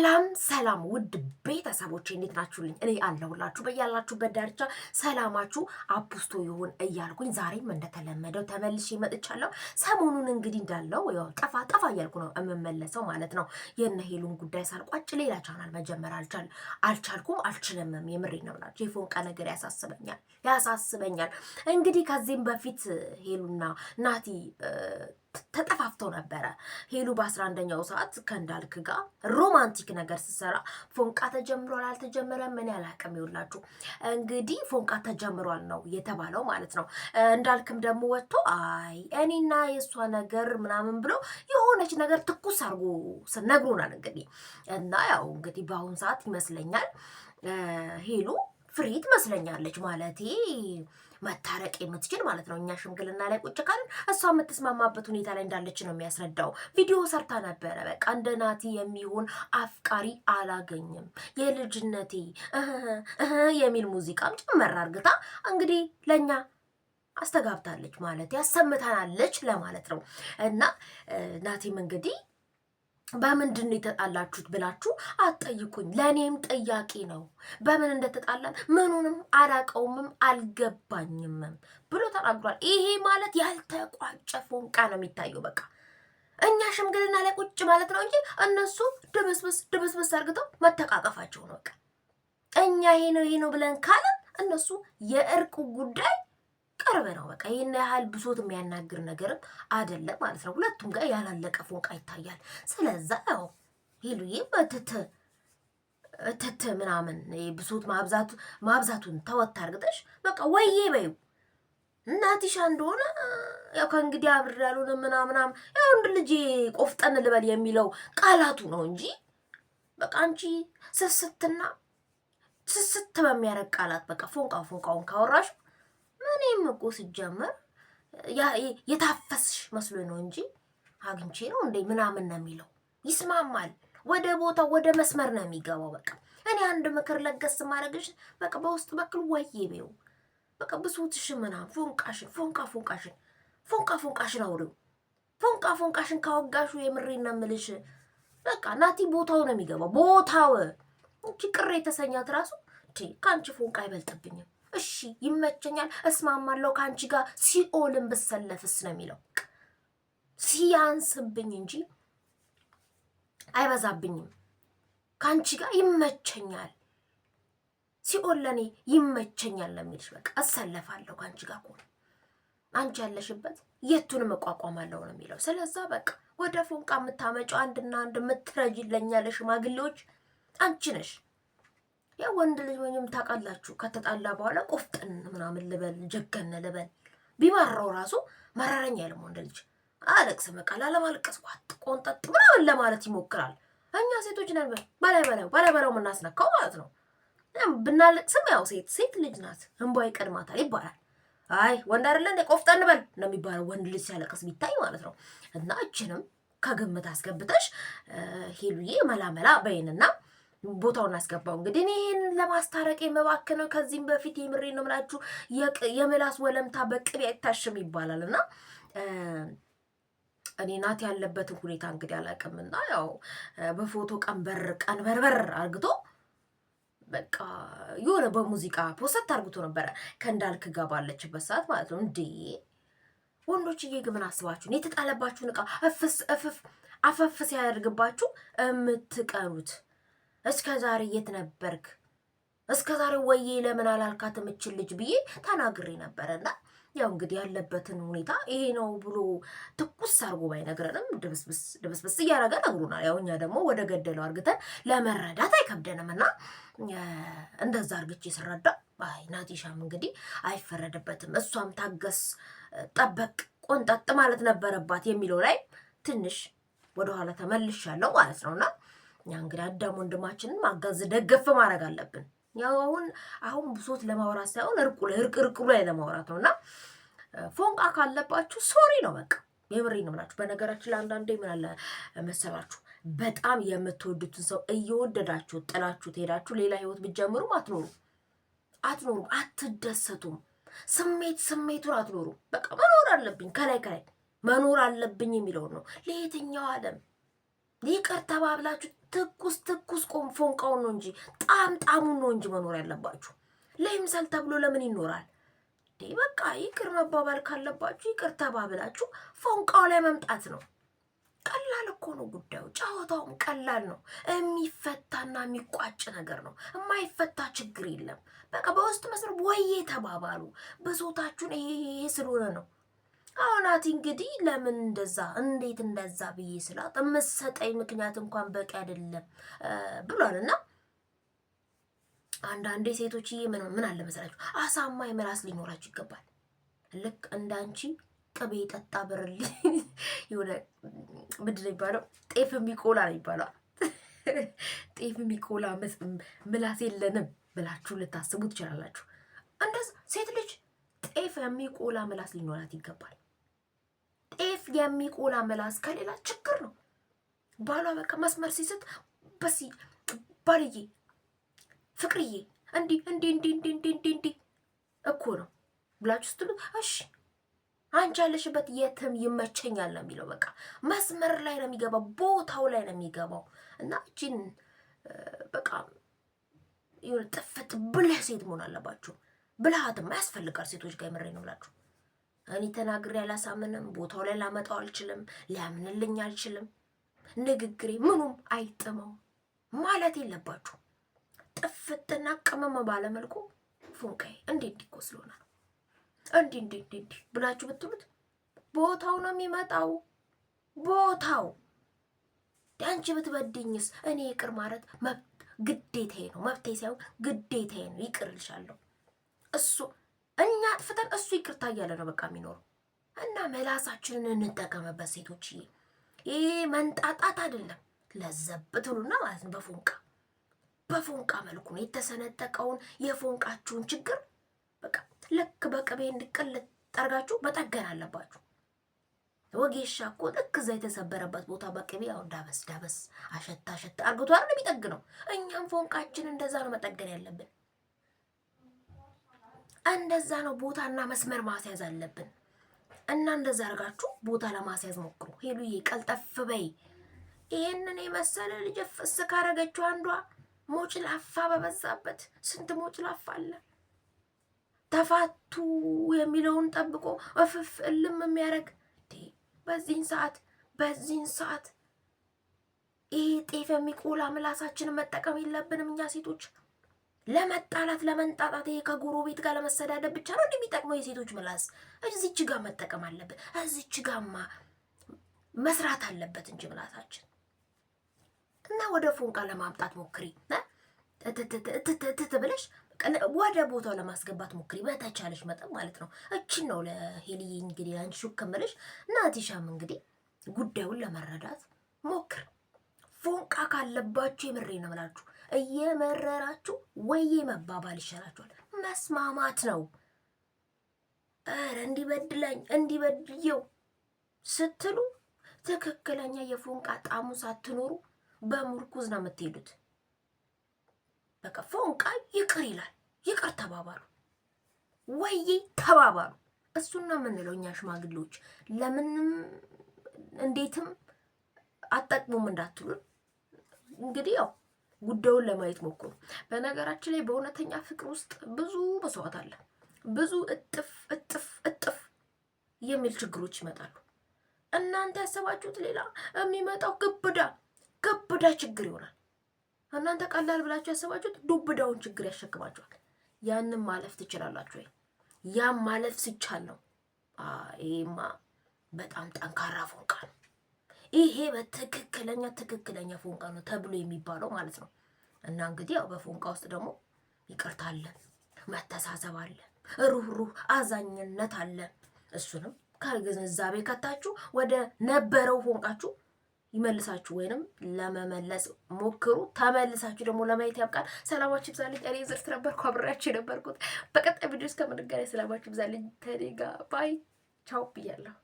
ሰላም ሰላም ውድ ቤተሰቦች እንዴት ናችሁልኝ? እኔ አለሁላችሁ በያላችሁበት ዳርቻ ሰላማችሁ አብስቶ ይሁን እያልኩኝ ዛሬም እንደተለመደው ተመልሼ መጥቻለሁ። ሰሞኑን እንግዲህ እንዳለው ጠፋ ጠፋ እያልኩ ነው የምመለሰው ማለት ነው። የነ ሄሉን ጉዳይ ሳልቋጭ ሌላ ቻናል መጀመር አልቻል አልቻልኩም፣ አልችልምም። የምሬ ነው ላችሁ የፎንቃ ነገር ያሳስበኛል ያሳስበኛል። እንግዲህ ከዚህም በፊት ሄሉና ናቲ ተጠፋፍተው ነበረ። ሄሉ በአስራ አንደኛው ሰዓት ከእንዳልክ ጋር ሮማንቲክ ነገር ስትሰራ ፎንቃ ተጀምሯል አልተጀመረም ምን ያህል አቅም ይውላችሁ እንግዲህ ፎንቃ ተጀምሯል ነው የተባለው ማለት ነው። እንዳልክም ደግሞ ወጥቶ አይ እኔና የእሷ ነገር ምናምን ብሎ የሆነች ነገር ትኩስ አድርጎ ስነግሩናል እንግዲህ እና ያው እንግዲህ በአሁኑ ሰዓት ይመስለኛል ሄሉ ፍሪ ትመስለኛለች ማለቴ መታረቅ የምትችል ማለት ነው። እኛ ሽምግልና ላይ ቁጭ ካልን እሷ የምትስማማበት ሁኔታ ላይ እንዳለች ነው የሚያስረዳው። ቪዲዮ ሰርታ ነበረ። በቃ እንደ ናቲ የሚሆን አፍቃሪ አላገኝም፣ የልጅነቴ የሚል ሙዚቃም ጭመራ አርግታ እንግዲህ ለእኛ አስተጋብታለች ማለት ያሰምታናለች ለማለት ነው እና ናቲም እንግዲህ በምንድን ነው የተጣላችሁት ብላችሁ አትጠይቁኝ። ለእኔም ጥያቄ ነው። በምን እንደተጣላን ምኑንም አላቀውምም አልገባኝምም ብሎ ተናግሯል። ይሄ ማለት ያልተቋጨ ፎንቃ ነው የሚታየው። በቃ እኛ ሽምግልና ላይ ቁጭ ማለት ነው እንጂ እነሱ ድብስብስ ድብስብስ አርግተው መተቃቀፋቸው ነው። በቃ እኛ ይሄ ነው ይሄ ነው ብለን ካለ እነሱ የእርቁ ጉዳይ ቅርብ ነው። በቃ ይህን ያህል ብሶት የሚያናግር ነገርም አይደለም ማለት ነው። ሁለቱም ጋር ያላለቀ ፎንቃ ይታያል። ስለዛ ያው ሄሉዬ በትት እትት ምናምን ብሶት ማብዛቱን ተወት አርግተሽ በቃ ወዬ በይው እናትሻ እንደሆነ ያው ከእንግዲህ አብር ያሉን ምናምናም ያው እንድ ልጅ ቆፍጠን ልበል የሚለው ቃላቱ ነው እንጂ በቃ አንቺ ስስትና ስስት በሚያደርግ ቃላት በቃ ፎንቃ ፎንቃውን ካወራሽ እኔም እኮ ሲጀምር የታፈስሽ መስሎ ነው እንጂ አግኝቼ ነው እንዴ ምናምን ነው የሚለው። ይስማማል። ወደ ቦታ ወደ መስመር ነው የሚገባው። በቃ እኔ አንድ ምክር ለገስ ማድረግሽ በቃ በውስጥ በኩል ወይ ቤው በቃ ብሶትሽ ምናምን ፎንቃሽን ፎንቃ ፎንቃሽን ፎንቃ ፎንቃሽን አውሪው ፎንቃ ፎንቃሽን ካወጋሹ የምሬና ምልሽ በቃ ናቲ ቦታው ነው የሚገባው። ቦታው እንቺ ቅሬ የተሰኛት ራሱ ከአንቺ ፎንቃ አይበልጥብኝም። እሺ ይመቸኛል፣ እስማማለሁ ከአንቺ ጋር ሲኦልን ብሰለፍስ ነው የሚለው። ሲያንስብኝ እንጂ አይበዛብኝም። ከአንቺ ጋር ይመቸኛል፣ ሲኦል ለእኔ ይመቸኛል ለሚልሽ በቃ እሰለፋለሁ ከአንቺ ጋር ከሆነ አንቺ ያለሽበት የቱንም እቋቋማለሁ ነው የሚለው። ስለዛ በቃ ወደ ፎንቃ የምታመጪው አንድና አንድ የምትረጂለኛ ለሽማግሌዎች አንቺ ነሽ። ያ ወንድ ልጅ ወይም ታውቃላችሁ ከተጣላ በኋላ ቆፍጠን ምናምን ልበል ጀገነ ልበል ቢማረው ራሱ መረረኝ አይልም ወንድ ልጅ። አለቅስ መቃል አለማልቀስ ቋጥ ቆንጠጥ ምናምን ለማለት ይሞክራል። እኛ ሴቶች ነን በላይ በላይ በላይ በላው የምናስነካው ማለት ነው። ብናለቅስም ያው ሴት ሴት ልጅ ናት እንቧ ይቀድማታል ይባላል። አይ ወንድ አይደለ እንደ ቆፍጠን በል ነው የሚባለው ወንድ ልጅ ሲያለቅስ ቢታይ ማለት ነው። እና እችንም ከግምት አስገብተሽ ሄሉዬ መላመላ በይንና ቦታውን አስገባው። እንግዲህ እኔ ይህን ለማስታረቅ ነው። ከዚህም በፊት የምሬ ነው ምላችሁ የምላስ ወለምታ በቅቤ አይታሽም ይባላል እና እኔ ናት ያለበትን ሁኔታ እንግዲህ አላውቅምና ያው በፎቶ ቀንበር ቀንበርበር አርግቶ በቃ የሆነ በሙዚቃ ፖሰት አርግቶ ነበረ ከእንዳልክ ጋ ባለችበት ሰዓት ማለት ነው። እንዴ ወንዶች እዬ ግምን አስባችሁ የተጣለባችሁን እቃ ዕቃ አፈፍ አፈፍ ሲያደርግባችሁ የምትቀሩት እስከ ዛሬ የት ነበርክ? እስከ ዛሬ ወዬ ለምን አላልካት የምችል ልጅ ብዬ ተናግሬ ነበረና ያው እንግዲህ ያለበትን ሁኔታ ይሄ ነው ብሎ ትኩስ አርጎ ባይነግረንም ድብስብስ እያደረገ ነግሩናል። ያው እኛ ደግሞ ወደ ገደለው አርግተን ለመረዳት አይከብደንም እና እንደዛ አርግቼ ስረዳ አይ ናቲሻም እንግዲህ አይፈረድበትም፣ እሷም ታገስ፣ ጠበቅ፣ ቆንጠጥ ማለት ነበረባት የሚለው ላይ ትንሽ ወደኋላ ተመልሻለሁ ማለት ነውና እኛ እንግዲህ አዳም ወንድማችንን ማጋዝ ደገፍ ማድረግ አለብን። ያው አሁን አሁን ብሶት ለማውራት ሳይሆን እርቁ እርቅ እርቅሉ ላይ ለማውራት ነው እና ፎንቃ ካለባችሁ ሶሪ ነው በቃ። የምሬ ነው ምላችሁ። በነገራችን ለአንዳንዴ ምን አለ መሰላችሁ በጣም የምትወዱትን ሰው እየወደዳችሁ ጥላችሁ ሄዳችሁ ሌላ ህይወት ብትጀምሩም አትኖሩም አትኖሩም አትደሰቱም። ስሜት ስሜቱን አትኖሩም። በቃ መኖር አለብኝ ከላይ ከላይ መኖር አለብኝ የሚለውን ነው ለየትኛው ዓለም ይቅር ተባብላችሁ ትኩስ ትኩስ ፎንቃውን ነው እንጂ ጣም ጣሙን ነው እንጂ መኖር ያለባችሁ። ለይምሰል ተብሎ ለምን ይኖራል? በቃ ይቅር መባባል ካለባችሁ ይቅር ተባብላችሁ ፎንቃው ላይ መምጣት ነው። ቀላል እኮ ነው ጉዳዩ። ጨዋታውም ቀላል ነው። የሚፈታና የሚቋጭ ነገር ነው። የማይፈታ ችግር የለም። በቃ በውስጥ መስር ወይ ተባባሉ። ብሶታችሁን ይሄ ስለሆነ ነው አሁናት እንግዲህ ለምን እንደዛ እንዴት እንደዛ ብዬ ስላት የምትሰጠኝ ምክንያት እንኳን በቂ አይደለም ብሏል። እና አንዳንዴ ሴቶች ምን ምን አለ መሰላችሁ አሳማኝ ምላስ ሊኖራችሁ ይገባል። ልክ እንዳንቺ ቅቤ ጠጣ ብርል የሆነ ምንድን ነው የሚባለው ጤፍ የሚቆላ ነው ይባላል። ጤፍ የሚቆላ ምላስ የለንም ብላችሁ ልታስቡ ትችላላችሁ። እንደዛ ሴት ልጅ ጤፍ የሚቆላ ምላስ ሊኖራት ይገባል። ሰይፍ የሚቆላ ምላስ ከሌላ ችግር ነው። ባሏ በቃ መስመር ሲስት በሲ ባልዬ ፍቅርዬ እንዲ እንዲ እንዲ እንዲ እንዲ እንዲ እኮ ነው ብላችሁ ስትሉ እሺ አንቺ ያለሽበት የትም ይመቸኛል ነው የሚለው። በቃ መስመር ላይ ነው የሚገባው፣ ቦታው ላይ ነው የሚገባው እና እቺን በቃ ጥፍት ብልህ ሴት መሆን አለባችሁ። ብልሃትም ያስፈልጋል ሴቶች ጋር የምሬ ነው ብላችሁ እኔ ተናግሬ አላሳምንም። ቦታው ላይ ላመጣው አልችልም። ሊያምንልኝ አልችልም። ንግግሬ ምኑም አይጥመው ማለት የለባችሁ። ጥፍትና ቅመም ባለመልኩ ፉንቃዬ እንዴ እንዲ እኮ ስለሆናል እንዲ እንዲ እንዲ ብላችሁ ብትሉት ቦታው ነው የሚመጣው። ቦታው አንቺ ብትበድኝስ እኔ ይቅር ማለት መብት ግዴታዬ ነው። መብቴ ሳይሆን ግዴታዬ ነው። ይቅር ልሻለሁ እሱ እኛ አጥፍተን እሱ ይቅርታ እያለ ነው በቃ የሚኖሩ እና መላሳችንን እንጠቀምበት ሴቶችዬ። ይሄ መንጣጣት አይደለም። ለዘብትሉና ማለት ነው በፎንቃ በፎንቃ መልኩ ነው የተሰነጠቀውን የፎንቃችሁን ችግር በቃ ልክ በቅቤ እንዲቀለጥ ጠርጋችሁ መጠገን አለባችሁ። ወጌሻ እኮ ልክ እዛ የተሰበረበት ቦታ በቅቤ ያው ዳበስ ዳበስ አሸታ አሸታ አርግቶ አይደል የሚጠግነው። እኛም ፎንቃችን እንደዛ ነው መጠገን ያለብን። እንደዛ ነው። ቦታና መስመር ማስያዝ አለብን እና እንደዛ አርጋችሁ ቦታ ለማስያዝ ሞክሩ። ሄሉዬ ቀልጠፍ በይ። ይህንን የመሰለ ልጅ ፍስ ካረገችው አንዷ ሞጭ ላፋ በበዛበት ስንት ሞጭ ላፋ አለ። ተፋቱ የሚለውን ጠብቆ እፍፍ እልም የሚያደርግ በዚህን ሰዓት በዚህን ሰዓት ይህ ጤፍ የሚቆላ ምላሳችንን መጠቀም የለብንም እኛ ሴቶች። ለመጣላት ለመንጣጣት፣ ይሄ ከጎረቤት ጋር ለመሰዳደብ ብቻ ነው እንደሚጠቅመው የሴቶች ምላስ። እዚች ጋር መጠቀም አለበት፣ እዚች ጋማ መስራት አለበት እንጂ ምላሳችን እና ወደ ፎንቃ ለማምጣት ሞክሪ። ትትት ብለሽ ወደ ቦታው ለማስገባት ሞክሪ፣ በተቻለሽ መጠን ማለት ነው። እችን ነው ለሄልዬ እንግዲህ አንቺ ሹክ ምልሽ እና እንግዲህ ጉዳዩን ለመረዳት ሞክር። ፎንቃ ካለባችሁ የምሬ ነው ምላችሁ እየመረራችሁ ወይዬ መባባል ይሻላችኋል። መስማማት ነው። ኧረ እንዲበድለኝ እንዲበድየው ስትሉ ትክክለኛ የፎንቃ ጣሙ ሳትኖሩ በሙርኩዝ ነው የምትሄዱት። በቃ ፎንቃ ይቅር ይላል። ይቅር ተባባሉ፣ ወዬ ተባባሉ። እሱን ነው የምንለው እኛ ሽማግሌዎች። ለምንም እንዴትም አጠቅሙም እንዳትሉ እንግዲህ ያው ጉዳዩን ለማየት ሞክሩ። በነገራችን ላይ በእውነተኛ ፍቅር ውስጥ ብዙ መስዋዕት አለ። ብዙ እጥፍ እጥፍ እጥፍ የሚል ችግሮች ይመጣሉ። እናንተ ያሰባችሁት ሌላ የሚመጣው ግብዳ ግብዳ ችግር ይሆናል። እናንተ ቀላል ብላችሁ ያሰባችሁት ዱብዳውን ችግር ያሸክማችኋል። ያንን ማለፍ ትችላላችሁ ወይ? ያም ማለፍ ሲቻል ነው። ይሄማ በጣም ጠንካራ ፎንቃ ነው። ይሄ በትክክለኛ ትክክለኛ ፎንቃ ነው ተብሎ የሚባለው ማለት ነው። እና እንግዲህ ያው በፎንቃ ውስጥ ደግሞ ይቅርታ አለ፣ መተሳሰብ አለ፣ ሩህሩህ አዛኝነት አለ። እሱንም ከግንዛቤ ከታችሁ ወደ ነበረው ፎንቃችሁ ይመልሳችሁ ወይንም ለመመለስ ሞክሩ። ተመልሳችሁ ደግሞ ለማየት ያብቃል። ሰላማችሁ ብዛልኝ። እኔ ዝርት ነበርኩ አብሬያችሁ የነበርኩት። በቀጣይ ቪዲዮ እስከምንገናኝ ሰላማችሁ ብዛልኝ። ተኔጋ ባይ ቻው ብያለሁ።